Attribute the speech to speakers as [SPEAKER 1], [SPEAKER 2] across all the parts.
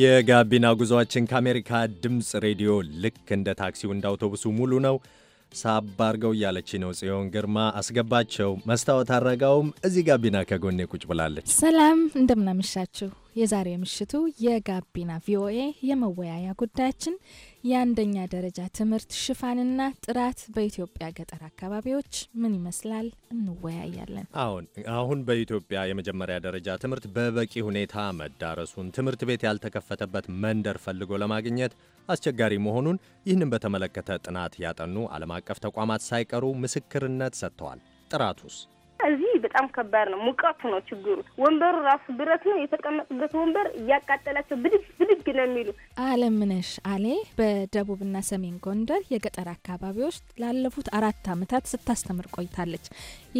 [SPEAKER 1] የጋቢና ጉዞአችን ከአሜሪካ ድምፅ ሬዲዮ ልክ እንደ ታክሲው እንደ አውቶቡሱ ሙሉ ነው። ሳባርገው አርገው እያለች ነው ጽዮን ግርማ አስገባቸው። መስታወት አረጋውም እዚህ ጋቢና ከጎኔ ቁጭ ብላለች።
[SPEAKER 2] ሰላም እንደምናመሻችሁ የዛሬ ምሽቱ የጋቢና ቪኦኤ የመወያያ ጉዳያችን የአንደኛ ደረጃ ትምህርት ሽፋንና ጥራት በኢትዮጵያ ገጠር አካባቢዎች ምን ይመስላል እንወያያለን።
[SPEAKER 1] አሁን አሁን በኢትዮጵያ የመጀመሪያ ደረጃ ትምህርት በበቂ ሁኔታ መዳረሱን፣ ትምህርት ቤት ያልተከፈተበት መንደር ፈልጎ ለማግኘት አስቸጋሪ መሆኑን ይህንን በተመለከተ ጥናት ያጠኑ ዓለም አቀፍ ተቋማት ሳይቀሩ ምስክርነት ሰጥተዋል። ጥራቱስ?
[SPEAKER 3] እዚህ በጣም ከባድ ነው። ሙቀቱ ነው ችግሩ። ወንበሩ ራሱ ብረት ነው። የተቀመጡበት ወንበር እያቃጠላቸው ብድግ ብድግ ነው የሚሉ። አለምነሽ አሌ
[SPEAKER 2] በደቡብና ሰሜን ጎንደር የገጠር አካባቢዎች ላለፉት አራት ዓመታት ስታስተምር ቆይታለች።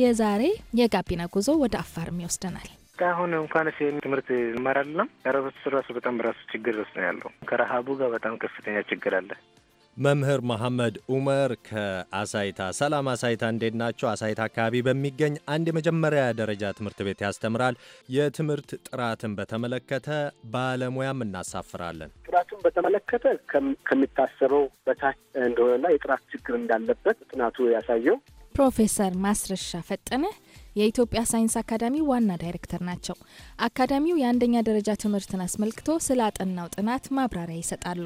[SPEAKER 2] የዛሬ የጋቢና ጉዞ ወደ አፋርም ይወስደናል።
[SPEAKER 4] አሁን እንኳን ትምህርት ይማራልና ረበሱ ራሱ በጣም ራሱ ችግር ነው ያለው። ከረሃቡ ጋር በጣም ከፍተኛ
[SPEAKER 1] ችግር አለ። መምህር መሐመድ ኡመር ከአሳይታ። ሰላም አሳይታ፣ እንዴት ናቸው? አሳይታ አካባቢ በሚገኝ አንድ የመጀመሪያ ደረጃ ትምህርት ቤት ያስተምራል። የትምህርት ጥራትን በተመለከተ ባለሙያም እናሳፍራለን።
[SPEAKER 5] ጥራቱን በተመለከተ ከሚታሰበው በታች እንደሆነና የጥራት ችግር እንዳለበት ጥናቱ ያሳየው
[SPEAKER 2] ፕሮፌሰር ማስረሻ ፈጠነ የኢትዮጵያ ሳይንስ አካዳሚ ዋና ዳይሬክተር ናቸው። አካዳሚው የአንደኛ ደረጃ ትምህርትን አስመልክቶ ስለ አጠናው ጥናት ማብራሪያ ይሰጣሉ።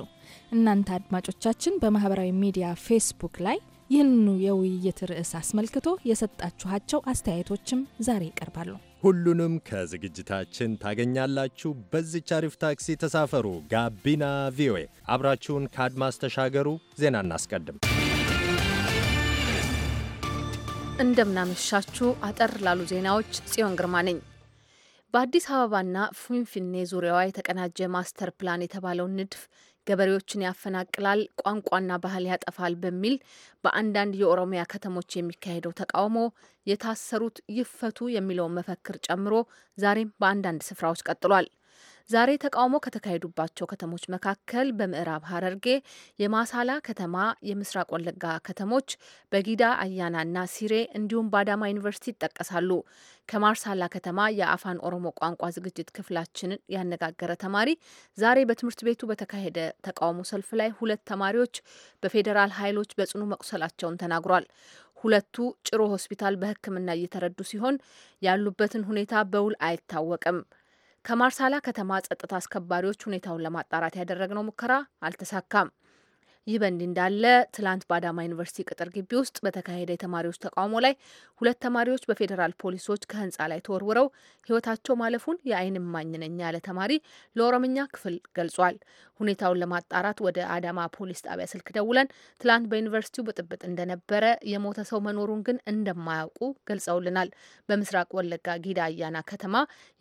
[SPEAKER 2] እናንተ አድማጮቻችን በማህበራዊ ሚዲያ ፌስቡክ ላይ ይህንኑ የውይይት ርዕስ አስመልክቶ የሰጣችኋቸው አስተያየቶችም ዛሬ ይቀርባሉ።
[SPEAKER 1] ሁሉንም ከዝግጅታችን ታገኛላችሁ። በዚች አሪፍ ታክሲ ተሳፈሩ። ጋቢና ቪኦኤ፣ አብራችሁን ከአድማስ ተሻገሩ። ዜና እናስቀድም።
[SPEAKER 2] እንደምናመሻችሁ አጠር ላሉ ዜናዎች ጽዮን ግርማ ነኝ። በአዲስ አበባና ፊንፊኔ ዙሪያዋ የተቀናጀ ማስተር ፕላን የተባለው ንድፍ ገበሬዎችን ያፈናቅላል፣ ቋንቋና ባህል ያጠፋል በሚል በአንዳንድ የኦሮሚያ ከተሞች የሚካሄደው ተቃውሞ የታሰሩት ይፈቱ የሚለውን መፈክር ጨምሮ ዛሬም በአንዳንድ ስፍራዎች ቀጥሏል። ዛሬ ተቃውሞ ከተካሄዱባቸው ከተሞች መካከል በምዕራብ ሀረርጌ የማሳላ ከተማ፣ የምስራቅ ወለጋ ከተሞች በጊዳ አያናና ሲሬ እንዲሁም በአዳማ ዩኒቨርሲቲ ይጠቀሳሉ። ከማርሳላ ከተማ የአፋን ኦሮሞ ቋንቋ ዝግጅት ክፍላችንን ያነጋገረ ተማሪ ዛሬ በትምህርት ቤቱ በተካሄደ ተቃውሞ ሰልፍ ላይ ሁለት ተማሪዎች በፌዴራል ኃይሎች በጽኑ መቁሰላቸውን ተናግሯል። ሁለቱ ጭሮ ሆስፒታል በሕክምና እየተረዱ ሲሆን ያሉበትን ሁኔታ በውል አይታወቅም። ከማርሳላ ከተማ ጸጥታ አስከባሪዎች ሁኔታውን ለማጣራት ያደረግነው ሙከራ አልተሳካም። ይህ በእንዲህ እንዳለ ትላንት በአዳማ ዩኒቨርሲቲ ቅጥር ግቢ ውስጥ በተካሄደ የተማሪዎች ተቃውሞ ላይ ሁለት ተማሪዎች በፌዴራል ፖሊሶች ከህንፃ ላይ ተወርውረው ህይወታቸው ማለፉን የአይን እማኝ ነኝ ያለ ተማሪ ለኦሮምኛ ክፍል ገልጿል። ሁኔታውን ለማጣራት ወደ አዳማ ፖሊስ ጣቢያ ስልክ ደውለን ትላንት በዩኒቨርሲቲው ብጥብጥ እንደነበረ የሞተ ሰው መኖሩን ግን እንደማያውቁ ገልጸውልናል። በምስራቅ ወለጋ ጊዳ አያና ከተማ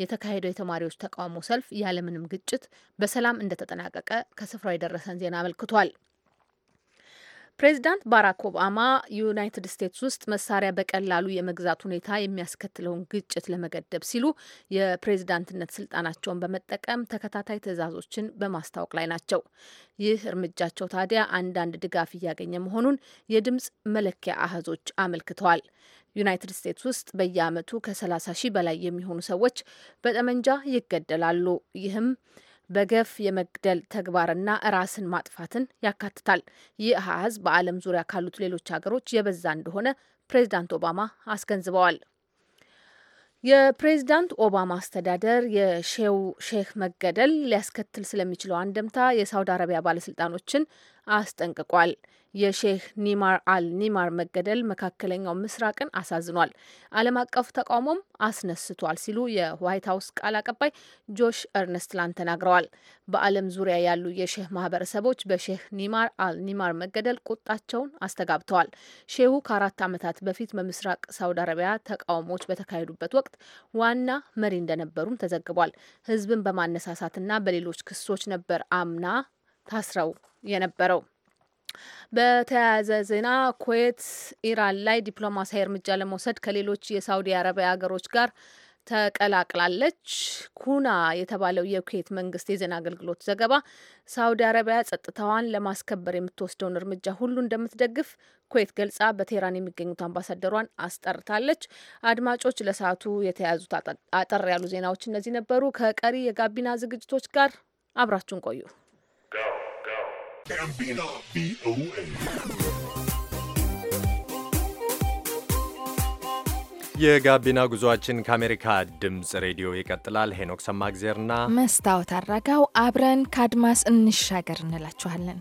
[SPEAKER 2] የተካሄደው የተማሪዎች ተቃውሞ ሰልፍ ያለምንም ግጭት በሰላም እንደተጠናቀቀ ከስፍራው የደረሰን ዜና አመልክቷል። ፕሬዚዳንት ባራክ ኦባማ ዩናይትድ ስቴትስ ውስጥ መሳሪያ በቀላሉ የመግዛት ሁኔታ የሚያስከትለውን ግጭት ለመገደብ ሲሉ የፕሬዚዳንትነት ስልጣናቸውን በመጠቀም ተከታታይ ትዕዛዞችን በማስታወቅ ላይ ናቸው። ይህ እርምጃቸው ታዲያ አንዳንድ ድጋፍ እያገኘ መሆኑን የድምፅ መለኪያ አህዞች አመልክተዋል። ዩናይትድ ስቴትስ ውስጥ በየዓመቱ ከ30 ሺህ በላይ የሚሆኑ ሰዎች በጠመንጃ ይገደላሉ። ይህም በገፍ የመግደል ተግባርና ራስን ማጥፋትን ያካትታል። ይህ አሃዝ በዓለም ዙሪያ ካሉት ሌሎች ሀገሮች የበዛ እንደሆነ ፕሬዚዳንት ኦባማ አስገንዝበዋል። የፕሬዚዳንት ኦባማ አስተዳደር የሼው ሼህ መገደል ሊያስከትል ስለሚችለው አንድምታ የሳውዲ አረቢያ ባለስልጣኖችን አስጠንቅቋል። የሼህ ኒማር አል ኒማር መገደል መካከለኛው ምስራቅን አሳዝኗል፣ ዓለም አቀፍ ተቃውሞም አስነስቷል ሲሉ የዋይት ሀውስ ቃል አቀባይ ጆሽ እርነስት ላን ተናግረዋል። በዓለም ዙሪያ ያሉ የሼህ ማህበረሰቦች በሼህ ኒማር አል ኒማር መገደል ቁጣቸውን አስተጋብተዋል። ሼሁ ከአራት ዓመታት በፊት በምስራቅ ሳውዲ አረቢያ ተቃውሞዎች በተካሄዱበት ወቅት ዋና መሪ እንደነበሩም ተዘግቧል። ህዝብን በማነሳሳትና በሌሎች ክሶች ነበር አምና ታስረው የነበረው። በተያያዘ ዜና ኩዌት ኢራን ላይ ዲፕሎማሲያዊ እርምጃ ለመውሰድ ከሌሎች የሳውዲ አረቢያ ሀገሮች ጋር ተቀላቅላለች። ኩና የተባለው የኩዌት መንግስት የዜና አገልግሎት ዘገባ ሳውዲ አረቢያ ጸጥታዋን ለማስከበር የምትወስደውን እርምጃ ሁሉ እንደምትደግፍ ኩዌት ገልጻ በቴህራን የሚገኙት አምባሳደሯን አስጠርታለች። አድማጮች፣ ለሰዓቱ የተያዙት አጠር ያሉ ዜናዎች እነዚህ ነበሩ። ከቀሪ የጋቢና ዝግጅቶች ጋር አብራችሁን ቆዩ።
[SPEAKER 1] የጋቢና ጉዞአችን ከአሜሪካ ድምፅ ሬዲዮ ይቀጥላል። ሄኖክ ሰማግዜርና
[SPEAKER 2] መስታወት አረጋው አብረን ከአድማስ እንሻገር እንላችኋለን።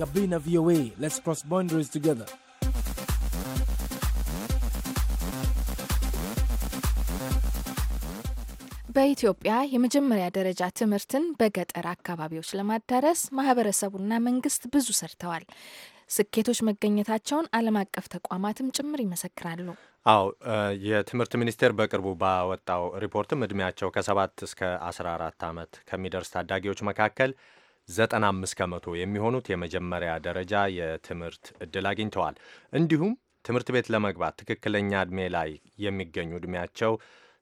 [SPEAKER 1] ጋቢና ቪኦኤ ሌትስ ክሮስ ቦንደሪስ ቱጌዘር
[SPEAKER 2] በኢትዮጵያ የመጀመሪያ ደረጃ ትምህርትን በገጠር አካባቢዎች ለማዳረስ ማህበረሰቡና መንግስት ብዙ ሰርተዋል። ስኬቶች መገኘታቸውን ዓለም አቀፍ ተቋማትም ጭምር ይመሰክራሉ።
[SPEAKER 1] አው የትምህርት ሚኒስቴር በቅርቡ ባወጣው ሪፖርትም እድሜያቸው ከሰባት እስከ 14 ዓመት ከሚደርስ ታዳጊዎች መካከል 95 ከመቶ የሚሆኑት የመጀመሪያ ደረጃ የትምህርት እድል አግኝተዋል። እንዲሁም ትምህርት ቤት ለመግባት ትክክለኛ እድሜ ላይ የሚገኙ እድሜያቸው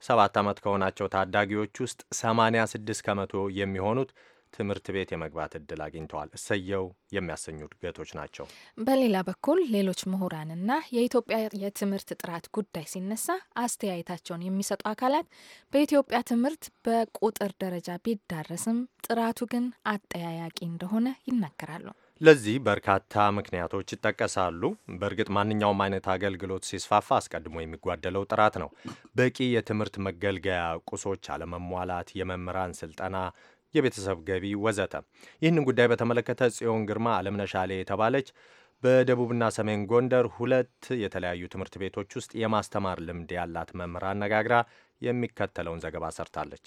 [SPEAKER 1] ሰባት ዓመት ከሆናቸው ታዳጊዎች ውስጥ 86 ከመቶ የሚሆኑት ትምህርት ቤት የመግባት እድል አግኝተዋል። እሰየው የሚያሰኙ እድገቶች ናቸው።
[SPEAKER 2] በሌላ በኩል ሌሎች ምሁራንና የኢትዮጵያ የትምህርት ጥራት ጉዳይ ሲነሳ አስተያየታቸውን የሚሰጡ አካላት በኢትዮጵያ ትምህርት በቁጥር ደረጃ ቢዳረስም ጥራቱ ግን አጠያያቂ እንደሆነ ይናገራሉ።
[SPEAKER 1] ለዚህ በርካታ ምክንያቶች ይጠቀሳሉ። በእርግጥ ማንኛውም አይነት አገልግሎት ሲስፋፋ አስቀድሞ የሚጓደለው ጥራት ነው። በቂ የትምህርት መገልገያ ቁሶች አለመሟላት፣ የመምህራን ስልጠና፣ የቤተሰብ ገቢ ወዘተ። ይህንን ጉዳይ በተመለከተ ጽዮን ግርማ አለምነሻሌ የተባለች በደቡብና ሰሜን ጎንደር ሁለት የተለያዩ ትምህርት ቤቶች ውስጥ የማስተማር ልምድ ያላት መምህር አነጋግራ የሚከተለውን ዘገባ ሰርታለች።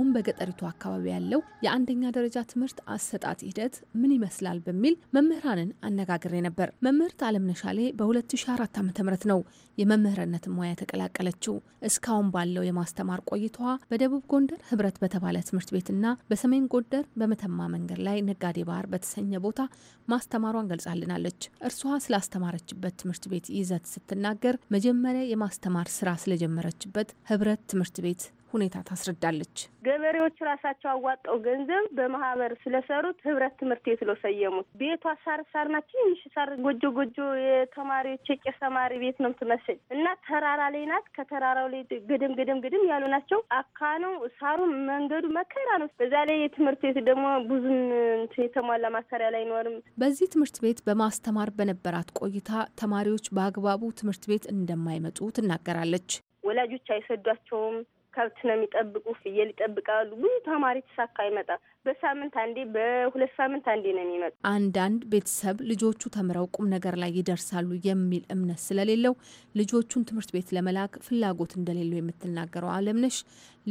[SPEAKER 2] አሁን በገጠሪቱ አካባቢ ያለው የአንደኛ ደረጃ ትምህርት አሰጣጥ ሂደት ምን ይመስላል በሚል መምህራንን አነጋግሬ ነበር። መምህርት አለምነሻሌ በ2004 ዓ ም ነው የመምህርነትን ሙያ የተቀላቀለችው። እስካሁን ባለው የማስተማር ቆይታዋ በደቡብ ጎንደር ህብረት በተባለ ትምህርት ቤትና በሰሜን ጎንደር በመተማ መንገድ ላይ ነጋዴ ባህር በተሰኘ ቦታ ማስተማሯን ገልጻልናለች። እርሷ ስላስተማረችበት ትምህርት ቤት ይዘት ስትናገር መጀመሪያ የማስተማር ስራ ስለጀመረችበት ህብረት ትምህርት ቤት ሁኔታ ታስረዳለች።
[SPEAKER 3] ገበሬዎች ራሳቸው አዋጣው ገንዘብ በማህበር ስለሰሩት ህብረት ትምህርት ቤት ብለው ሰየሙት። ቤቷ ሳር ሳር ናቸው። ትንሽ ሳር ጎጆ ጎጆ የተማሪዎች የቄስ ተማሪ ቤት ነው ትመስል እና ተራራ ላይ ናት። ከተራራው ላይ ግድም ግድም ግድም ያሉ ናቸው። አካ ነው ሳሩ፣ መንገዱ መከራ ነው። በዛ ላይ የትምህርት ቤት ደግሞ ብዙም የተሟላ ማሰሪያ ላይ አይኖርም።
[SPEAKER 2] በዚህ ትምህርት ቤት በማስተማር በነበራት ቆይታ ተማሪዎች በአግባቡ ትምህርት ቤት እንደማይመጡ ትናገራለች።
[SPEAKER 3] ወላጆች አይሰዷቸውም። ከብት ነው የሚጠብቁ፣ ፍየል ይጠብቃሉ። ብዙ ተማሪ ተሳካ ይመጣል። በሳምንት አንዴ፣ በሁለት ሳምንት አንዴ ነው የሚመጡ።
[SPEAKER 2] አንዳንድ ቤተሰብ ልጆቹ ተምረው ቁም ነገር ላይ ይደርሳሉ የሚል እምነት ስለሌለው ልጆቹን ትምህርት ቤት ለመላክ ፍላጎት እንደሌለው የምትናገረው አለምነሽ፣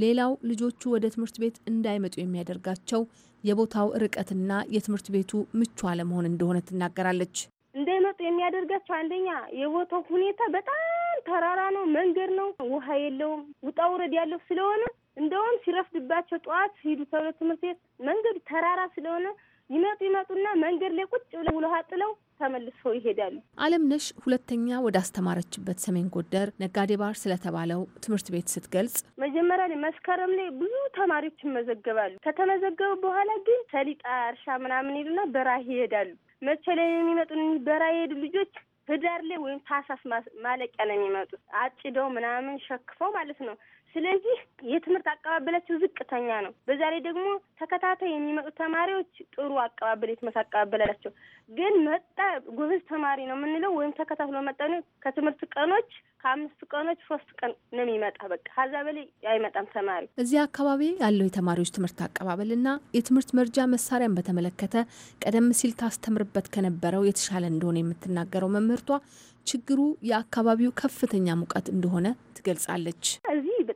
[SPEAKER 2] ሌላው ልጆቹ ወደ ትምህርት ቤት እንዳይመጡ የሚያደርጋቸው የቦታው ርቀትና የትምህርት ቤቱ ምቹ አለመሆን እንደሆነ ትናገራለች።
[SPEAKER 3] እንዳይመጡ የሚያደርጋቸው አንደኛ የቦታው ሁኔታ በጣም ተራራ ነው፣ መንገድ ነው፣ ውሃ የለውም፣ ውጣ ውረድ ያለው ስለሆነ እንደውም ሲረፍድባቸው ጠዋት ሂዱ ተብሎ ትምህርት ቤት መንገዱ ተራራ ስለሆነ ይመጡ ይመጡና መንገድ ላይ ቁጭ ብለው ውለሃ ጥለው ተመልሰው ይሄዳሉ።
[SPEAKER 2] አለምነሽ ሁለተኛ ወደ አስተማረችበት ሰሜን ጎደር ነጋዴ ባህር ስለተባለው ትምህርት ቤት ስትገልጽ
[SPEAKER 3] መጀመሪያ ላይ መስከረም ላይ ብዙ ተማሪዎች ይመዘገባሉ። ከተመዘገቡ በኋላ ግን ሰሊጣ እርሻ ምናምን ሄዱና በራህ ይሄዳሉ። መቼ ላይ ነው የሚመጡ? በራ የሄዱ ልጆች ህዳር ላይ ወይም ታህሳስ ማለቂያ ነው የሚመጡት አጭደው ምናምን ሸክፈው ማለት ነው። ስለዚህ የትምህርት አቀባበላቸው ዝቅተኛ ነው። በዛ ላይ ደግሞ ተከታታይ የሚመጡ ተማሪዎች ጥሩ አቀባበል የትምህርት አቀባበላቸው ግን መጣ ጎበዝ ተማሪ ነው የምንለው ወይም ተከታትሎ መጠኑ ከትምህርት ቀኖች ከአምስት ቀኖች ሶስት ቀን ነው የሚመጣ። በቃ ከዛ በላይ አይመጣም ተማሪ።
[SPEAKER 2] እዚህ አካባቢ ያለው የተማሪዎች ትምህርት አቀባበልና የትምህርት መርጃ መሳሪያን በተመለከተ ቀደም ሲል ታስተምርበት ከነበረው የተሻለ እንደሆነ የምትናገረው መምህርቷ ችግሩ የአካባቢው ከፍተኛ ሙቀት እንደሆነ ትገልጻለች።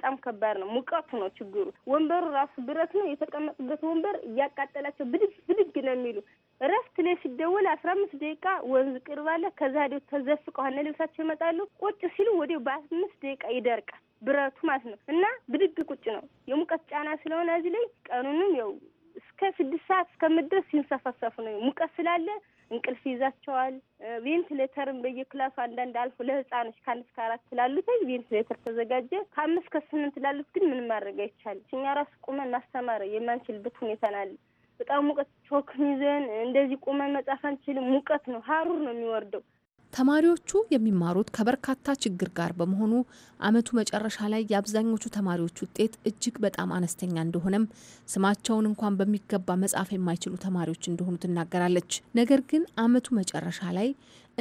[SPEAKER 3] በጣም ከባድ ነው። ሙቀቱ ነው ችግሩ። ወንበሩ ራሱ ብረት ነው። የተቀመጡበት ወንበር እያቃጠላቸው ብድግ ብድግ ነው የሚሉ እረፍት ላይ ሲደወል አስራ አምስት ደቂቃ ወንዝ ቅርብ አለ። ከዛ ዲ ተዘፍቀው ልብሳቸው ይመጣሉ። ቁጭ ሲሉ ወዲያው በአምስት ደቂቃ ይደርቃል ብረቱ ማለት ነው። እና ብድግ ቁጭ ነው የሙቀት ጫና ስለሆነ እዚህ ላይ ቀኑንም ያው እስከ ስድስት ሰዓት እስከምድረስ ሲንሰፈሰፉ ነው ሙቀት ስላለ እንቅልፍ ይዛቸዋል። ቬንትሌተርም በየክላሱ አንዳንድ አልፎ ለህፃኖች ከአንድ እስከ አራት ላሉት ቬንትሌተር ተዘጋጀ። ከአምስት ከስምንት ላሉት ግን ምንም ማድረግ አይቻልም። እኛ ራሱ ቁመን ማስተማር የማንችልበት ሁኔታ ናለ። በጣም ሙቀት ቾክን ይዘን እንደዚህ ቁመን መጻፍ አንችልም። ሙቀት ነው፣ ሀሩር ነው የሚወርደው
[SPEAKER 2] ተማሪዎቹ የሚማሩት ከበርካታ ችግር ጋር በመሆኑ አመቱ መጨረሻ ላይ የአብዛኞቹ ተማሪዎች ውጤት እጅግ በጣም አነስተኛ እንደሆነም ስማቸውን እንኳን በሚገባ መጻፍ የማይችሉ ተማሪዎች እንደሆኑ ትናገራለች። ነገር ግን አመቱ መጨረሻ ላይ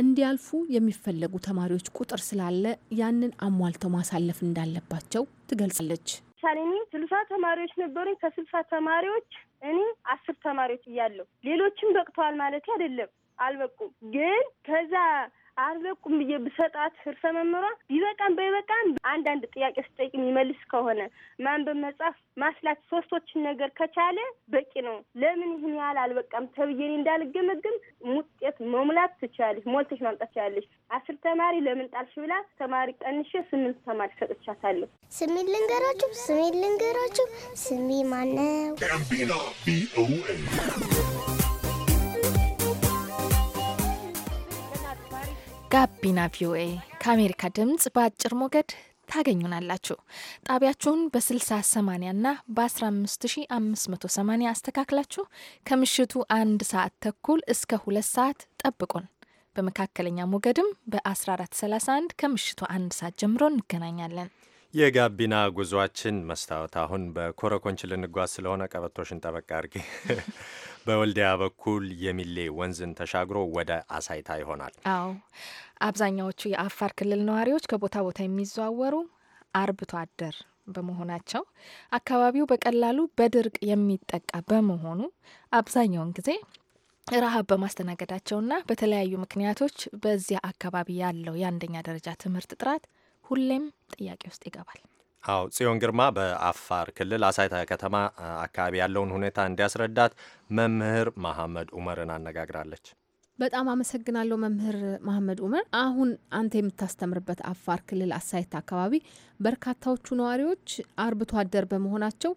[SPEAKER 2] እንዲያልፉ የሚፈለጉ ተማሪዎች ቁጥር ስላለ ያንን አሟልተው ማሳለፍ እንዳለባቸው ትገልጻለች።
[SPEAKER 3] ለምሳሌ ስልሳ ተማሪዎች ነበሩኝ። ከስልሳ ተማሪዎች እኔ አስር ተማሪዎች እያለሁ ሌሎችም በቅተዋል ማለት አይደለም አልበቁም ግን ከዛ አልበቁም ብዬ ብሰጣት ርዕሰ መምህሯ ቢበቃም ባይበቃም አንዳንድ ጥያቄ ስጠይቅ የሚመልስ ከሆነ ማንበብ፣ መጻፍ፣ ማስላት ሶስቶችን ነገር ከቻለ በቂ ነው። ለምን ይህን ያህል አልበቃም ተብዬ እኔ እንዳልገመግም ውጤት መሙላት ትችላለች፣ ሞልተሽ ማምጣት ትችላለች። አስር ተማሪ ለምን ጣልሽ ብላ ተማሪ ቀንሼ ስምንት ተማሪ ሰጥቻታለሁ። ስሜን ልንገራችሁ፣ ስሜን ልንገራችሁ፣ ስሜ ማነው?
[SPEAKER 2] ጋቢና ቪኦኤ ከአሜሪካ ድምፅ በአጭር ሞገድ ታገኙናላችሁ። ጣቢያችሁን በ6080 እና በ15580 አስተካክላችሁ ከምሽቱ አንድ ሰዓት ተኩል እስከ ሁለት ሰዓት ጠብቁን። በመካከለኛ ሞገድም በ1431 ከምሽቱ አንድ ሰዓት ጀምሮ እንገናኛለን።
[SPEAKER 1] የጋቢና ጉዟችን መስታወት አሁን በኮረኮንች ልንጓዝ ስለሆነ ቀበቶሽን ጠበቅ አድርጌ በወልዲያ በኩል የሚሌ ወንዝን ተሻግሮ ወደ አሳይታ ይሆናል።
[SPEAKER 2] አዎ አብዛኛዎቹ የአፋር ክልል ነዋሪዎች ከቦታ ቦታ የሚዘዋወሩ አርብቶ አደር በመሆናቸው አካባቢው በቀላሉ በድርቅ የሚጠቃ በመሆኑ አብዛኛውን ጊዜ ረሃብ በማስተናገዳቸውና በተለያዩ ምክንያቶች በዚያ አካባቢ ያለው የአንደኛ ደረጃ ትምህርት ጥራት ሁሌም ጥያቄ ውስጥ ይገባል።
[SPEAKER 1] አዎ ጽዮን ግርማ በአፋር ክልል አሳይታ ከተማ አካባቢ ያለውን ሁኔታ እንዲያስረዳት መምህር መሐመድ ኡመርን አነጋግራለች።
[SPEAKER 2] በጣም አመሰግናለሁ መምህር መሐመድ ኡመር። አሁን አንተ የምታስተምርበት አፋር ክልል አሳይታ አካባቢ በርካታዎቹ ነዋሪዎች አርብቶ አደር በመሆናቸው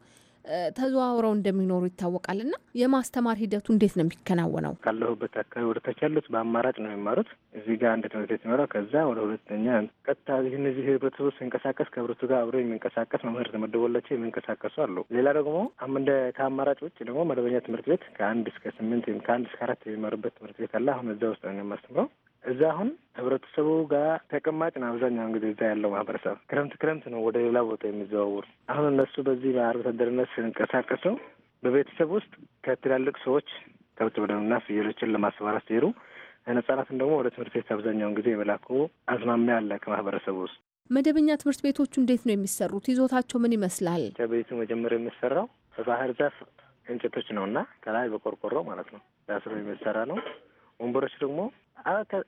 [SPEAKER 2] ተዘዋውረው እንደሚኖሩ ይታወቃል። እና የማስተማር ሂደቱ እንዴት ነው የሚከናወነው?
[SPEAKER 4] ካለሁበት አካባቢ ወደ ታች ያሉት በአማራጭ ነው የሚማሩት። እዚህ ጋር አንድ ትምህርት ቤት ይኖረው ከዛ ወደ ሁለተኛ ቀጥታ እነዚህ ህብረተሰቡ ሲንቀሳቀስ ከህብረቱ ጋር አብሮ የሚንቀሳቀስ መምህር ተመደቦላቸው የሚንቀሳቀሱ አሉ። ሌላ ደግሞ እንደ ከአማራጭ ውጭ ደግሞ መደበኛ ትምህርት ቤት ከአንድ እስከ ስምንት ወይም ከአንድ እስከ አራት የሚማሩበት ትምህርት ቤት አለ። አሁን እዛ ውስጥ ነው የማስተምረው እዛ አሁን ህብረተሰቡ ጋር ተቀማጭ ነው። አብዛኛውን ጊዜ እዛ ያለው ማህበረሰብ ክረምት ክረምት ነው ወደ ሌላ ቦታ የሚዘዋውር። አሁን እነሱ በዚህ በአርብቶ አደርነት በቤተሰብ ውስጥ ከትላልቅ ሰዎች ከብት በደምና ፍየሎችን ለማሰማራት ሲሄዱ ህጻናትን ደግሞ ወደ ትምህርት ቤት አብዛኛውን ጊዜ የመላኩ አዝማሚያ አለ ከማህበረሰቡ ውስጥ።
[SPEAKER 2] መደበኛ ትምህርት ቤቶቹ እንዴት ነው የሚሰሩት? ይዞታቸው ምን ይመስላል?
[SPEAKER 4] ቤቱ መጀመሪያ የሚሰራው በባህር ዛፍ እንጨቶች ነው እና ከላይ በቆርቆሮ ማለት ነው ዳስሮ የሚሰራ ነው። ወንበሮች ደግሞ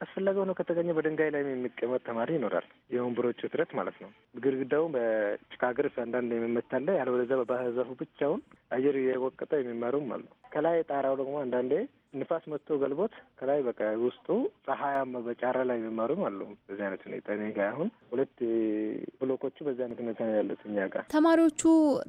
[SPEAKER 4] አስፈላጊ ሆኖ ከተገኘ በድንጋይ ላይ የሚቀመጥ ተማሪ ይኖራል። የወንበሮች ውጥረት ማለት ነው። ግድግዳው በጭቃ ግርፍ አንዳንድ የሚመታለ ያለበለዚያ በባህዛፉ ብቻውን አየር የወቀጠ የሚማሩም አሉ። ከላይ ጣራው ደግሞ አንዳንዴ ንፋስ መጥቶ ገልቦት ከላይ በቃ ውስጡ ፀሐያማ በጫረ ላይ የሚማሩም አሉ። በዚህ አይነት ሁኔታ እኔ ጋ አሁን ሁለት ብሎኮቹ በዚህ አይነት ሁኔታ ነው ያሉት። እኛ ጋር
[SPEAKER 2] ተማሪዎቹ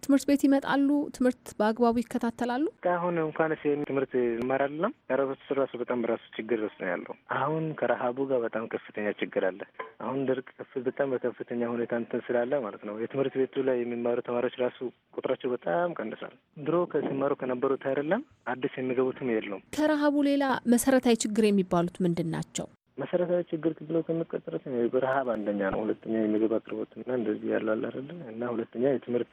[SPEAKER 2] ትምህርት ቤት ይመጣሉ፣ ትምህርት በአግባቡ ይከታተላሉ።
[SPEAKER 4] አሁን እንኳን ሴ ትምህርት ይማራልና አይደለም ያረበቱ ራሱ በጣም ራሱ ችግር ውስጥ ነው ያለው። አሁን ከረሃቡ ጋር በጣም ከፍተኛ ችግር አለ። አሁን ድርቅ ከፍ በጣም በከፍተኛ ሁኔታ እንትን ስላለ ማለት ነው የትምህርት ቤቱ ላይ የሚማሩ ተማሪዎች ራሱ ቁጥራቸው በጣም ቀንሳል። ድሮ ከሲማሩ ከነበሩት አይደለም አዲስ የሚገቡትም የለውም
[SPEAKER 2] ከረሃቡ ሌላ መሰረታዊ ችግር የሚባሉት ምንድን ናቸው?
[SPEAKER 4] መሰረታዊ ችግር ብለው ከመቀጠረት በረሀብ አንደኛ ነው። ሁለተኛ የምግብ አቅርቦት አቅርቦትና እንደዚህ ያሉ አለ አይደለ እና ሁለተኛ የትምህርት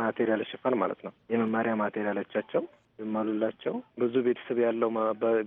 [SPEAKER 4] ማቴሪያል ሽፋን ማለት ነው። የመማሪያ ማቴሪያሎቻቸው የማሉላቸው ብዙ ቤተሰብ ያለው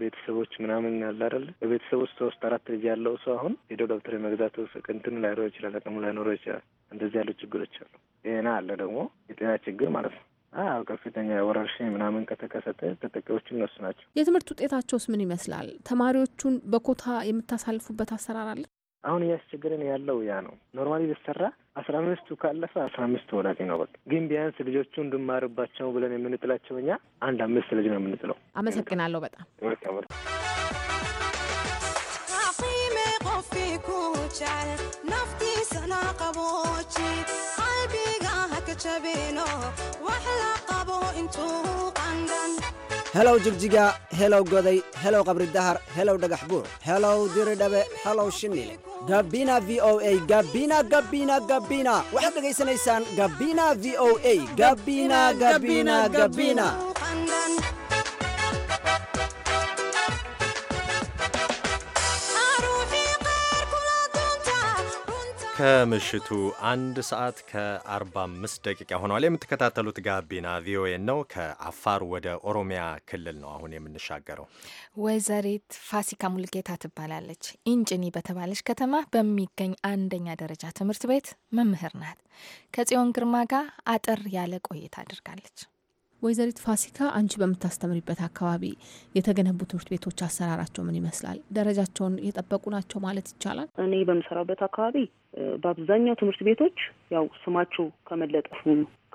[SPEAKER 4] ቤተሰቦች ምናምን ያለ አይደለ በቤተሰብ ውስጥ ሶስት አራት ልጅ ያለው ሰው አሁን ሄዶ ደብተር የመግዛት ቅንትን ላይኖረው ይችላል፣ አቅሙ ላይኖረው ይችላል። እንደዚህ ያሉ ችግሮች አሉ። ጤና አለ ደግሞ የጤና ችግር ማለት ነው። አዎ ከፍተኛ ወረርሽኝ ምናምን ከተከሰተ ተጠቂዎች እነሱ ናቸው።
[SPEAKER 2] የትምህርት ውጤታቸውስ ምን ይመስላል? ተማሪዎቹን በኮታ የምታሳልፉበት አሰራር አለ?
[SPEAKER 4] አሁን እያስቸገረን ያለው ያ ነው። ኖርማሊ ብሰራ አስራ አምስቱ ካለፈ አስራ አምስት ተወዳቂ ነው። በቃ ግን ቢያንስ ልጆቹ እንድማርባቸው ብለን የምንጥላቸው እኛ አንድ አምስት ልጅ ነው የምንጥለው።
[SPEAKER 2] አመሰግናለሁ በጣም
[SPEAKER 3] hello wax la qabo intuu qangan
[SPEAKER 5] helow jigjiga hello goday hello qabri dahar helow dhagax buur helow diridhabe helow shinil gabina v o a gabina gabina gabina waxaad dhegaysanaysaan gabina v o a gabina gabina gabina, gabina.
[SPEAKER 1] ከምሽቱ አንድ ሰዓት ከ45 ደቂቃ ሆኗል። የምትከታተሉት ጋቢና ቪኦኤ ነው። ከአፋር ወደ ኦሮሚያ ክልል ነው አሁን የምንሻገረው።
[SPEAKER 2] ወይዘሪት ፋሲካ ሙልጌታ ትባላለች። ኢንጭኒ በተባለች ከተማ በሚገኝ አንደኛ ደረጃ ትምህርት ቤት መምህር ናት። ከጽዮን ግርማ ጋር አጠር ያለ ቆይታ አድርጋለች። ወይዘሪት ፋሲካ አንቺ በምታስተምሪበት አካባቢ የተገነቡ ትምህርት ቤቶች አሰራራቸው ምን ይመስላል? ደረጃቸውን የጠበቁ ናቸው ማለት ይቻላል?
[SPEAKER 6] እኔ በምሰራበት አካባቢ በአብዛኛው ትምህርት ቤቶች ያው ስማቸው ከመለጠፉ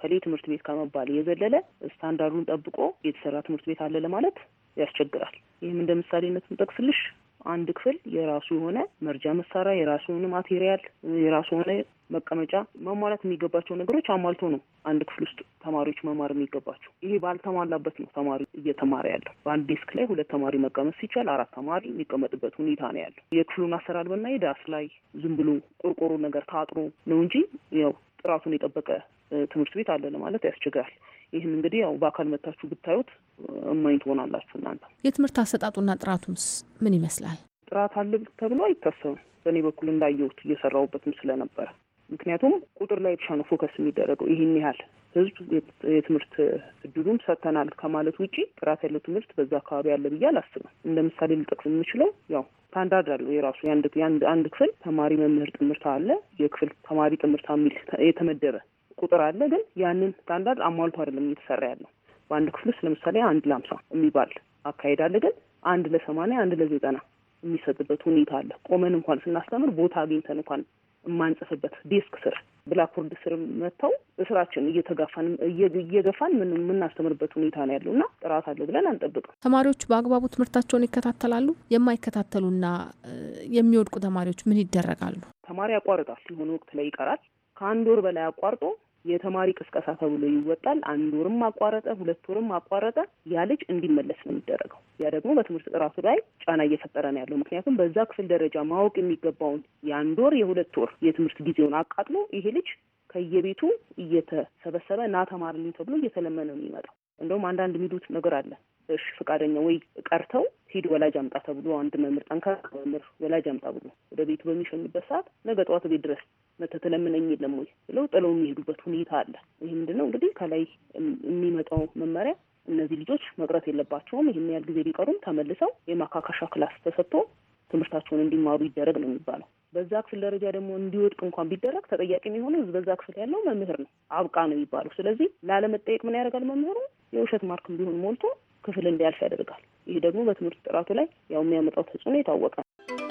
[SPEAKER 6] ከሌ ትምህርት ቤት ከመባል የዘለለ ስታንዳርዱን ጠብቆ የተሰራ ትምህርት ቤት አለ ለማለት ያስቸግራል። ይህም እንደ ምሳሌነት ምጠቅስልሽ አንድ ክፍል የራሱ የሆነ መርጃ መሳሪያ፣ የራሱ የሆነ ማቴሪያል፣ የራሱ የሆነ መቀመጫ መሟላት የሚገባቸው ነገሮች አሟልቶ ነው አንድ ክፍል ውስጥ ተማሪዎች መማር የሚገባቸው። ይሄ ባልተሟላበት ነው ተማሪ እየተማረ ያለው። በአንድ ዴስክ ላይ ሁለት ተማሪ መቀመጥ ሲቻል አራት ተማሪ የሚቀመጥበት ሁኔታ ነው ያለው። የክፍሉን አሰራር ብናይ ዳስ ላይ ዝም ብሎ ቆርቆሮ ነገር ታጥሮ ነው እንጂ ያው ጥራቱን የጠበቀ ትምህርት ቤት አለ ለማለት ያስቸግራል። ይህን እንግዲህ ያው በአካል መታችሁ ብታዩት እማኝ ትሆናላችሁ። እናንተ
[SPEAKER 2] የትምህርት አሰጣጡና ጥራቱንስ ምን
[SPEAKER 6] ይመስላል? ጥራት አለ ተብሎ አይታሰብም። በእኔ በኩል እንዳየሁት እየሰራሁበትም ስለነበረ ምክንያቱም ቁጥር ላይ ብቻ ነው ፎከስ የሚደረገው። ይህን ያህል ህዝብ የትምህርት እድሉም ሰጥተናል ከማለት ውጪ ጥራት ያለው ትምህርት በዛ አካባቢ አለ ብዬ አላስብም። እንደ ምሳሌ ልጠቅስ የምችለው ያው ስታንዳርድ አለው የራሱ የአንድ ክፍል ተማሪ መምህር ጥምርታ አለ፣ የክፍል ተማሪ ጥምርታ የሚል የተመደበ ቁጥር አለ፣ ግን ያንን ስታንዳርድ አሟልቶ አይደለም እየተሰራ ያለው። በአንድ ክፍል ውስጥ ለምሳሌ አንድ ለአምሳ የሚባል አካሄድ አለ፣ ግን አንድ ለሰማንያ አንድ ለዘጠና የሚሰጥበት ሁኔታ አለ። ቆመን እንኳን ስናስተምር ቦታ አግኝተን እንኳን የማንጽፍበት ዴስክ ስር ብላክቦርድ ስር መጥተው እስራችን እየተጋፋን እየገፋን የምናስተምርበት ሁኔታ ነው ያለው እና ጥራት አለው ብለን አንጠብቅም።
[SPEAKER 2] ተማሪዎቹ በአግባቡ ትምህርታቸውን ይከታተላሉ። የማይከታተሉና የሚወድቁ ተማሪዎች ምን ይደረጋሉ?
[SPEAKER 6] ተማሪ ያቋርጣል፣ የሆነ ወቅት ላይ ይቀራል። ከአንድ ወር በላይ አቋርጦ የተማሪ ቅስቀሳ ተብሎ ይወጣል። አንድ ወርም አቋረጠ፣ ሁለት ወርም አቋረጠ፣ ያ ልጅ እንዲመለስ ነው የሚደረገው። ያ ደግሞ በትምህርት ጥራቱ ላይ ጫና እየፈጠረ ነው ያለው። ምክንያቱም በዛ ክፍል ደረጃ ማወቅ የሚገባውን የአንድ ወር የሁለት ወር የትምህርት ጊዜውን አቃጥሎ ይሄ ልጅ ከየቤቱ እየተሰበሰበ ና ተማርልኝ ተብሎ እየተለመነ ነው የሚመጣው። እንደውም አንዳንድ የሚሉት ነገር አለ። እሺ ፈቃደኛ ወይ ቀርተው ሂድ ወላጅ አምጣ ተብሎ አንድ መምህር፣ ጠንካራ መምህር ወላጅ አምጣ ብሎ ወደ ቤቱ በሚሸኝበት ሰዓት ነገ ጠዋት ቤት ድረስ መተህ ትለምነኝ የለም ወይ ብለው ጥለው የሚሄዱበት ሁኔታ አለ። ይህ ነው እንግዲህ ከላይ የሚመጣው መመሪያ እነዚህ ልጆች መቅረት የለባቸውም፣ ይህን ያህል ጊዜ ቢቀሩም ተመልሰው የማካካሻ ክላስ ተሰጥቶ ትምህርታቸውን እንዲማሩ ይደረግ ነው የሚባለው። በዛ ክፍል ደረጃ ደግሞ እንዲወድቅ እንኳን ቢደረግ ተጠያቂ የሚሆነው በዛ ክፍል ያለው መምህር ነው፣ አብቃ ነው የሚባለው። ስለዚህ ላለመጠየቅ ምን ያደርጋል መምህሩ? የውሸት ማርክም ቢሆን ሞልቶ ክፍል እንዲያልፍ ያደርጋል። ይህ ደግሞ በትምህርት ጥራቱ ላይ ያው የሚያመጣው ተጽዕኖ የታወቀ ነው።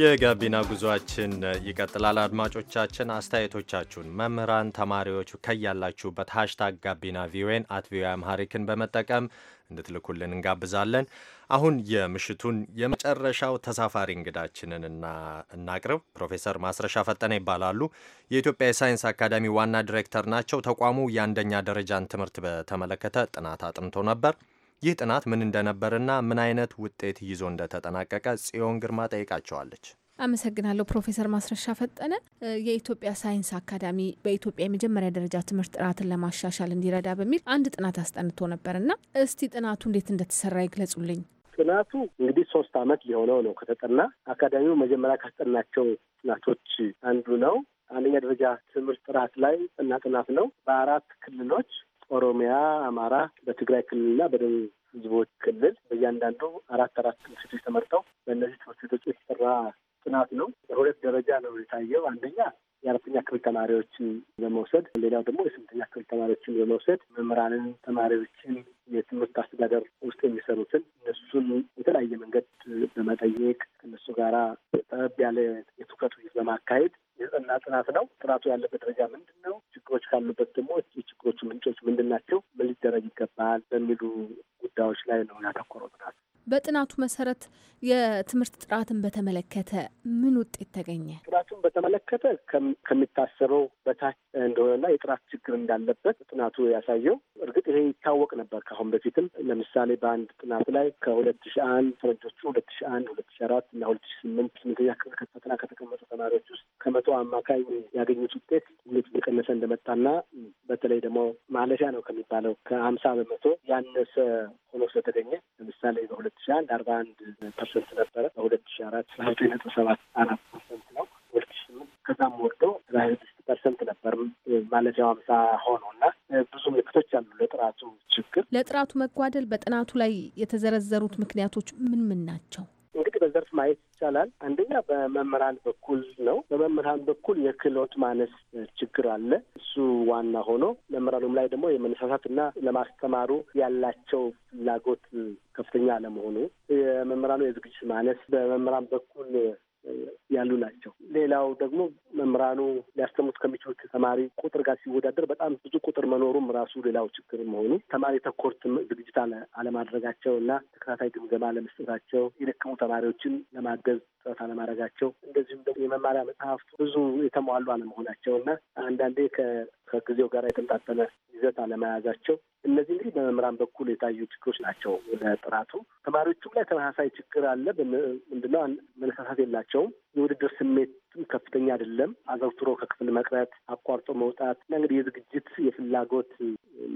[SPEAKER 1] የጋቢና ጉዞአችን ይቀጥላል። አድማጮቻችን አስተያየቶቻችሁን፣ መምህራን፣ ተማሪዎች ከያላችሁበት ሀሽታግ ጋቢና ቪዌን አት ቪኦኤ አምሃሪክን በመጠቀም እንድትልኩልን እንጋብዛለን። አሁን የምሽቱን የመጨረሻው ተሳፋሪ እንግዳችንን እናቅርብ። ፕሮፌሰር ማስረሻ ፈጠነ ይባላሉ። የኢትዮጵያ የሳይንስ አካዳሚ ዋና ዲሬክተር ናቸው። ተቋሙ የአንደኛ ደረጃን ትምህርት በተመለከተ ጥናት አጥንቶ ነበር። ይህ ጥናት ምን እንደነበርና ምን አይነት ውጤት ይዞ እንደተጠናቀቀ ጽዮን ግርማ ጠይቃቸዋለች።
[SPEAKER 2] አመሰግናለሁ ፕሮፌሰር ማስረሻ ፈጠነ። የኢትዮጵያ ሳይንስ አካዳሚ በኢትዮጵያ የመጀመሪያ ደረጃ ትምህርት ጥራትን ለማሻሻል እንዲረዳ በሚል አንድ ጥናት አስጠንቶ ነበርና እስቲ ጥናቱ እንዴት እንደተሰራ ይግለጹልኝ።
[SPEAKER 5] ጥናቱ እንግዲህ ሶስት አመት ሊሆነው ነው ከተጠና። አካዳሚው መጀመሪያ ካስጠናቸው ጥናቶች አንዱ ነው። አንደኛ ደረጃ ትምህርት ጥራት ላይ ጥና ጥናት ነው። በአራት ክልሎች ኦሮሚያ፣ አማራ፣ በትግራይ ክልልና በደቡብ ህዝቦች ክልል በእያንዳንዱ አራት አራት ትምህርት ቤቶች ተመርጠው በእነዚህ ትምህርት ቤቶች የተሰራ ጥናት ነው። በሁለት ደረጃ ነው የታየው። አንደኛ የአራተኛ ክፍል ተማሪዎችን በመውሰድ ሌላው ደግሞ የስምንተኛ ክፍል ተማሪዎችን በመውሰድ መምህራንን፣ ተማሪዎችን፣ የትምህርት አስተዳደር ውስጥ የሚሰሩትን እነሱን የተለያየ መንገድ በመጠየቅ ከነሱ ጋራ ጠብ ያለ የትኩረት ውይይት በማካሄድ የጠና ጥናት ነው። ጥናቱ ያለበት ደረጃ ምንድን ነው? ችግሮች ካሉበት ደግሞ የችግሮቹ ምንጮች ምንድን ናቸው? ምን ሊደረግ ይገባል? በሚሉ ጉዳዮች ላይ ነው ያተኮረው ጥናት።
[SPEAKER 2] በጥናቱ መሰረት የትምህርት ጥራትን በተመለከተ ምን ውጤት ተገኘ?
[SPEAKER 5] ጥራቱን በተመለከተ ከሚታሰበው በታች እንደሆነና የጥራት ችግር እንዳለበት ጥናቱ ያሳየው። እርግጥ ይሄ ይታወቅ ነበር ከአሁን በፊትም ለምሳሌ በአንድ ጥናት ላይ ከሁለት ሺ አንድ ፈረንጆቹ ሁለት ሺ አንድ ሁለት ሺ አራት እና ሁለት ሺ ስምንት ስምንተኛ ክፍል ፈተና ከተቀመጡ ተማሪዎች ውስጥ ከመቶ አማካይ ያገኙት ውጤት እንዴት እየቀነሰ እንደመጣና በተለይ ደግሞ ማለፊያ ነው ከሚባለው ከሀምሳ በመቶ ያነሰ ሆኖ ስለተገኘ ለምሳሌ በሁለት ሁለት ሺ አንድ አርባ አንድ ፐርሰንት ነበረ። በሁለት ሺ አራት አስራ ዘጠኝ ነጥብ ሰባት አራት ፐርሰንት ነው። ሁለት ሺ ስምንት ከዛም ወርዶ አስራ ስድስት ፐርሰንት ነበር ማለት ያው አምሳ ሆኖ እና ብዙ ምልክቶች አሉ ለጥራቱ
[SPEAKER 2] ችግር። ለጥራቱ መጓደል በጥናቱ ላይ የተዘረዘሩት ምክንያቶች ምን ምን ናቸው?
[SPEAKER 5] በዘርፍ ማየት ይቻላል። አንደኛ በመምህራን በኩል ነው። በመምህራን በኩል የክህሎት ማነስ ችግር አለ። እሱ ዋና ሆኖ መምህራኑም ላይ ደግሞ የመነሳሳትና ለማስተማሩ ያላቸው ፍላጎት ከፍተኛ አለመሆኑ፣ የመምህራኑ የዝግጅት ማነስ በመምህራን በኩል ያሉ ናቸው። ሌላው ደግሞ መምህራኑ ሊያስተምሩት ከሚችሉት ተማሪ ቁጥር ጋር ሲወዳደር በጣም ብዙ ቁጥር መኖሩም ራሱ ሌላው ችግር መሆኑ፣ ተማሪ ተኮር ዝግጅት አለማድረጋቸው እና ተከታታይ ግምገማ አለመስጠታቸው፣ የደከሙ ተማሪዎችን ለማገዝ ጥረት አለማድረጋቸው፣ እንደዚሁም ደግሞ የመማሪያ መጽሐፍቱ ብዙ የተሟሉ አለመሆናቸው እና አንዳንዴ ከ ከጊዜው ጋር የተመጣጠነ ይዘት አለመያዛቸው፣ እነዚህ እንግዲህ በመምህራን በኩል የታዩ ችግሮች ናቸው። ለጥራቱ ተማሪዎቹም ላይ ተመሳሳይ ችግር አለ። ምንድነው መነሳሳት የላቸውም። የውድድር ስሜትም ከፍተኛ አይደለም። አዘውትሮ ከክፍል መቅረት፣ አቋርጦ መውጣት እና እንግዲህ የዝግጅት የፍላጎት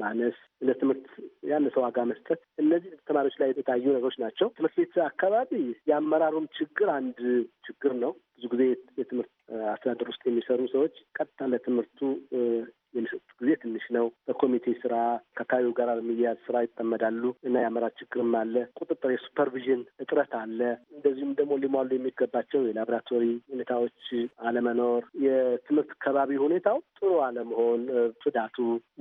[SPEAKER 5] ማነስ፣ ለትምህርት ያነሰ ዋጋ መስጠት፣ እነዚህ ተማሪዎች ላይ የታዩ ነገሮች ናቸው። ትምህርት ቤት አካባቢ የአመራሩም ችግር አንድ ችግር ነው። ብዙ ጊዜ የትምህርት አስተዳደር ውስጥ የሚሰሩ ሰዎች ቀጥታ ለትምህርቱ የሚሰጡት ጊዜ ትንሽ ነው። በኮሚቴ ስራ ከአካባቢው ጋር በሚያያዝ ስራ ይጠመዳሉ እና የአመራር ችግርም አለ። ቁጥጥር፣ የሱፐርቪዥን እጥረት አለ። እንደዚሁም ደግሞ ሊሟሉ የሚገባቸው የላቦራቶሪ ሁኔታዎች አለመኖር፣ የትምህርት ከባቢ ሁኔታው ጥሩ አለመሆን፣ ጽዳቱ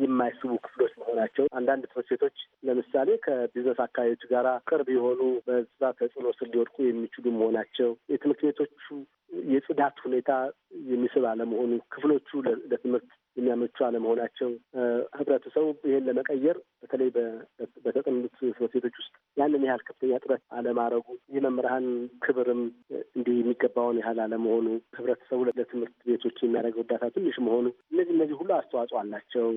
[SPEAKER 5] የማይስቡ ክፍሎች መሆናቸው አንዳንድ ትምህርት ቤቶች ለምሳሌ ከቢዝነስ አካባቢዎች ጋር ቅርብ የሆኑ በዛ ተጽዕኖ ስር ሊወድቁ የሚችሉ መሆናቸው የትምህርት ቤቶቹ የጽዳት ሁኔታ የሚስብ አለመሆኑ፣ ክፍሎቹ ለትምህርት የሚያመቹ አለመሆናቸው ህብረተሰቡ ይህን ለመቀየር በተለይ በተጠኑት ትምህርት ቤቶች ውስጥ ያንን ያህል ከፍተኛ ጥረት አለማድረጉ፣ የመምህራን ክብርም እንዲህ የሚገባውን ያህል አለመሆኑ፣ ህብረተሰቡ ለትምህርት ቤቶች የሚያደርገው እርዳታ ትንሽ መሆኑ፣ እነዚህ እነዚህ ሁሉ አስተዋጽኦ አላቸው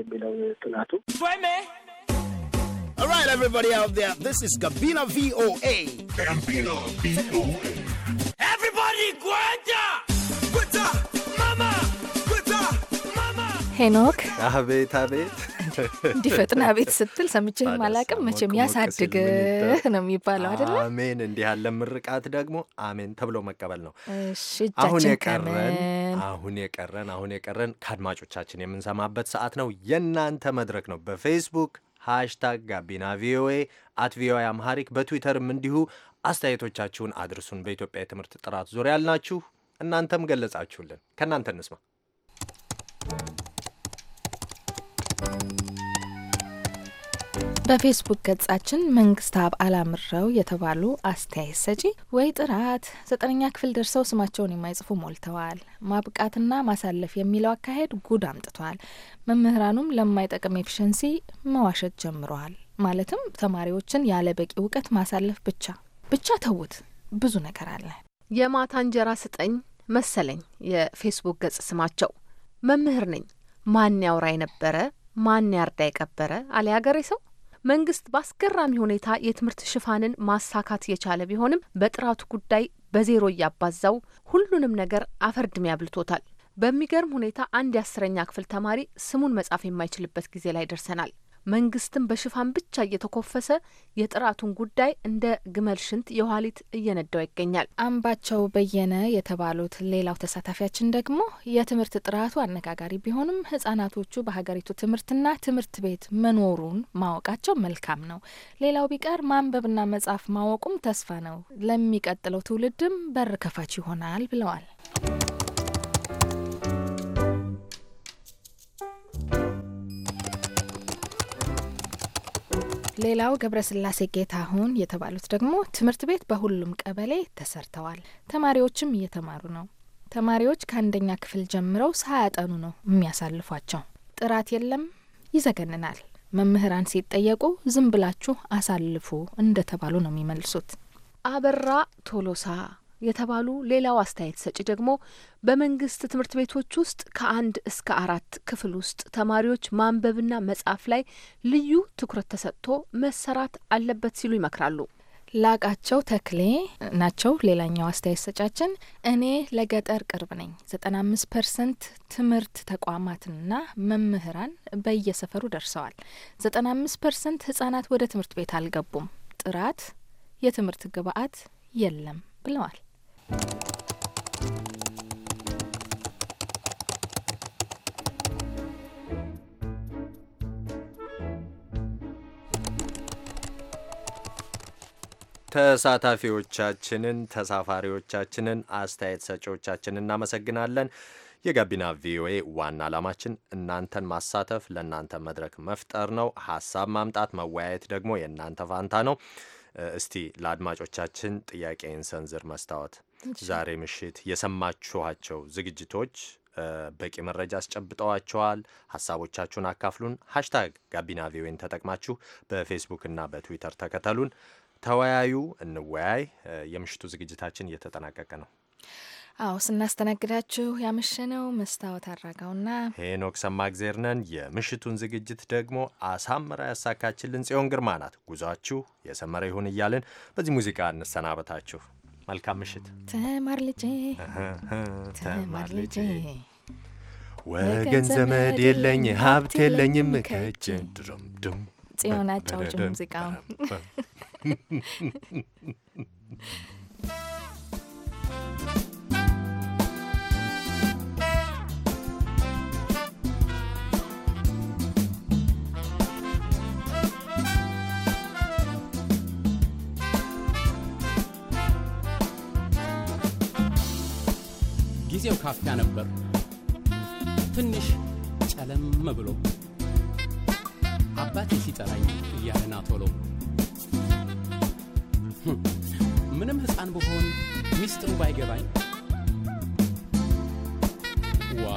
[SPEAKER 5] የሚለው ጥናቱ።
[SPEAKER 7] All right, everybody out there, this is Gabina VOA. Gabina VOA.
[SPEAKER 2] ሄኖክ
[SPEAKER 1] አቤት አቤት እንዲፈጥና አቤት
[SPEAKER 2] ስትል ሰምቼህም አላቅም። መቼም ያሳድግህ ነው የሚባለው አይደለ?
[SPEAKER 1] አሜን። እንዲህ ያለ ምርቃት ደግሞ አሜን ተብሎ መቀበል ነው። አሁን የቀረን አሁን የቀረን አሁን የቀረን ከአድማጮቻችን የምንሰማበት ሰዓት ነው። የእናንተ መድረክ ነው። በፌስቡክ ሃሽታግ ጋቢና ቪኦኤ አት ቪኦኤ አምሃሪክ በትዊተርም እንዲሁ አስተያየቶቻችሁን አድርሱን። በኢትዮጵያ የትምህርት ጥራት ዙሪያ ያልናችሁ እናንተም ገለጻችሁልን። ከእናንተ እንስማ።
[SPEAKER 2] በፌስቡክ ገጻችን መንግስታብ አላምረው የተባሉ አስተያየት ሰጪ ወይ ጥራት ዘጠነኛ ክፍል ደርሰው ስማቸውን የማይጽፉ ሞልተዋል። ማብቃትና ማሳለፍ የሚለው አካሄድ ጉድ አምጥቷል። መምህራኑም ለማይጠቅም ኤፊሽንሲ መዋሸት ጀምረዋል። ማለትም ተማሪዎችን ያለ በቂ እውቀት ማሳለፍ ብቻ ብቻ ተዉት፣ ብዙ ነገር አለ። የማታ እንጀራ ስጠኝ መሰለኝ የፌስቡክ ገጽ ስማቸው። መምህር ነኝ ማን ያውራ የነበረ ማን ያርዳ የቀበረ አለ ያገሬ ሰው። መንግስት በአስገራሚ ሁኔታ የትምህርት ሽፋንን ማሳካት የቻለ ቢሆንም በጥራቱ ጉዳይ በዜሮ እያባዛው ሁሉንም ነገር አፈርድሜ አብልቶታል። በሚገርም ሁኔታ አንድ የአስረኛ ክፍል ተማሪ ስሙን መጻፍ የማይችልበት ጊዜ ላይ ደርሰናል። መንግስትን በሽፋን ብቻ እየተኮፈሰ የጥራቱን ጉዳይ እንደ ግመል ሽንት የኋሊት እየነዳው ይገኛል። አምባቸው በየነ የተባሉት ሌላው ተሳታፊያችን ደግሞ የትምህርት ጥራቱ አነጋጋሪ ቢሆንም ህጻናቶቹ በሀገሪቱ ትምህርትና ትምህርት ቤት መኖሩን ማወቃቸው መልካም ነው። ሌላው ቢቀር ማንበብና መጻፍ ማወቁም ተስፋ ነው። ለሚቀጥለው ትውልድም በር ከፋች ይሆናል ብለዋል። ሌላው ገብረስላሴ ጌታሁን የተባሉት ደግሞ ትምህርት ቤት በሁሉም ቀበሌ ተሰርተዋል። ተማሪዎችም እየተማሩ ነው። ተማሪዎች ከአንደኛ ክፍል ጀምረው ሳያጠኑ ነው የሚያሳልፏቸው። ጥራት የለም፣ ይዘገንናል። መምህራን ሲጠየቁ ዝም ብላችሁ አሳልፉ እንደተባሉ ነው የሚመልሱት። አበራ ቶሎሳ የተባሉ ሌላው አስተያየት ሰጪ ደግሞ በመንግስት ትምህርት ቤቶች ውስጥ ከአንድ እስከ አራት ክፍል ውስጥ ተማሪዎች ማንበብና መጻፍ ላይ ልዩ ትኩረት ተሰጥቶ መሰራት አለበት ሲሉ ይመክራሉ። ላቃቸው ተክሌ ናቸው። ሌላኛው አስተያየት ሰጫችን እኔ ለገጠር ቅርብ ነኝ። ዘጠና አምስት ፐርሰንት ትምህርት ተቋማትንና መምህራን በየሰፈሩ ደርሰዋል። ዘጠና አምስት ፐርሰንት ህጻናት ወደ ትምህርት ቤት አልገቡም። ጥራት የትምህርት ግብአት የለም ብለዋል።
[SPEAKER 1] ተሳታፊዎቻችንን፣ ተሳፋሪዎቻችንን፣ አስተያየት ሰጪዎቻችንን እናመሰግናለን። የጋቢና ቪኦኤ ዋና ዓላማችን እናንተን ማሳተፍ ለእናንተ መድረክ መፍጠር ነው። ሀሳብ ማምጣት መወያየት ደግሞ የእናንተ ፋንታ ነው። እስቲ ለአድማጮቻችን ጥያቄን ሰንዝር። መስታወት፣ ዛሬ ምሽት የሰማችኋቸው ዝግጅቶች በቂ መረጃ አስጨብጠዋቸዋል? ሀሳቦቻችሁን አካፍሉን። ሀሽታግ ጋቢና ቪኦኤን ተጠቅማችሁ በፌስቡክ እና በትዊተር ተከተሉን። ተወያዩ፣ እንወያይ። የምሽቱ ዝግጅታችን እየተጠናቀቀ ነው።
[SPEAKER 2] አዎ ስናስተናግዳችሁ ያመሸነው መስታወት አድራጋውና
[SPEAKER 1] ሄኖክ ሰማ ነን። የምሽቱን ዝግጅት ደግሞ አሳምራ ያሳካችልን ጽዮን ግርማ ናት። ጉዟችሁ የሰመረ ይሁን እያልን በዚህ ሙዚቃ እንሰናበታችሁ። መልካም ምሽት።
[SPEAKER 2] ተማር ልጄ፣
[SPEAKER 1] ተማር ልጄ፣ ወገን ዘመድ የለኝ ሀብት የለኝም ከጀ ድም
[SPEAKER 2] ጽዮን አጫዎች
[SPEAKER 1] ሙዚቃ
[SPEAKER 7] ጊዜው ካፍያ ነበር ትንሽ ጨለም ብሎ አባቴ ሲጠራኝ እያለና ቶሎ ምንም ሕፃን ብሆን ሚስጥሩ ባይገባኝ ዋ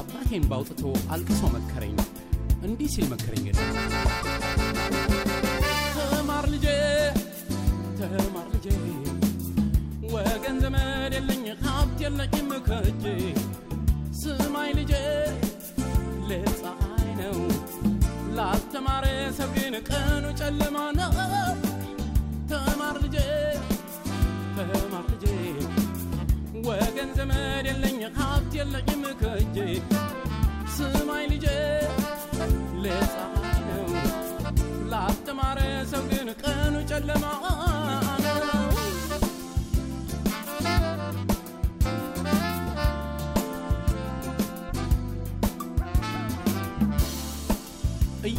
[SPEAKER 7] አባቴን ባውጥቶ አልቅሶ መከረኝ እንዲህ ሲል መከረኝ ገ ተማር ልጄ ተማር ልጄ ወገን ዘመድ የለኝ ሀብት የለኝም ከእጄ ስማይ ልጄ ልብፀ ነው ላስተማረ ሰው ግን ቀኑ ጨለማ ነው። ተማር ልጄ፣ ተማር ልጄ፣ ወገን ዘመድ የለኝ ሀብት የለኝም ከእጄ። ስማኝ ልጄ፣ ለፀሐይ ነው ሰው ግን ቀኑ ጨለማ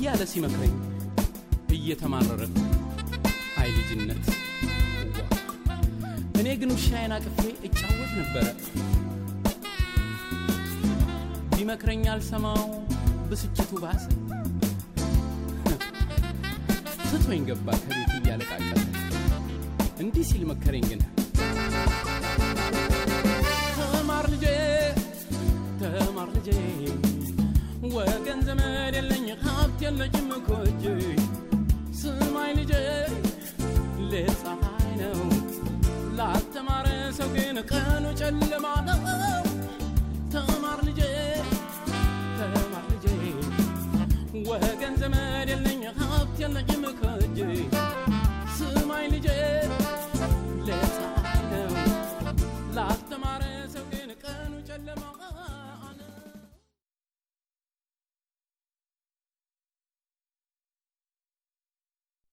[SPEAKER 7] እያለ ሲመክረኝ እየተማረረ አይ ልጅነት እኔ ግን ውሻዬን አቅፌ እጫወት ነበረ። ቢመክረኝ አልሰማው ብስጭቱ ባሰ። ስቶኝ ገባ ከቤት እያለቃቀለ። እንዲህ ሲል መከረኝ ግን ተማር ልጄ ተማር ልጄ ወገን ዘመድ የለኝ ሀብት የለችም እኮ እጅ ስማይ ልጄ ልፀሐይ ነው ላልተማረ ሰው ግን ቀኑ ጨለማ ነው